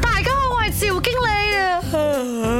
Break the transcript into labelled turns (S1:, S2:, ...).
S1: 大家好，我係趙經理啊。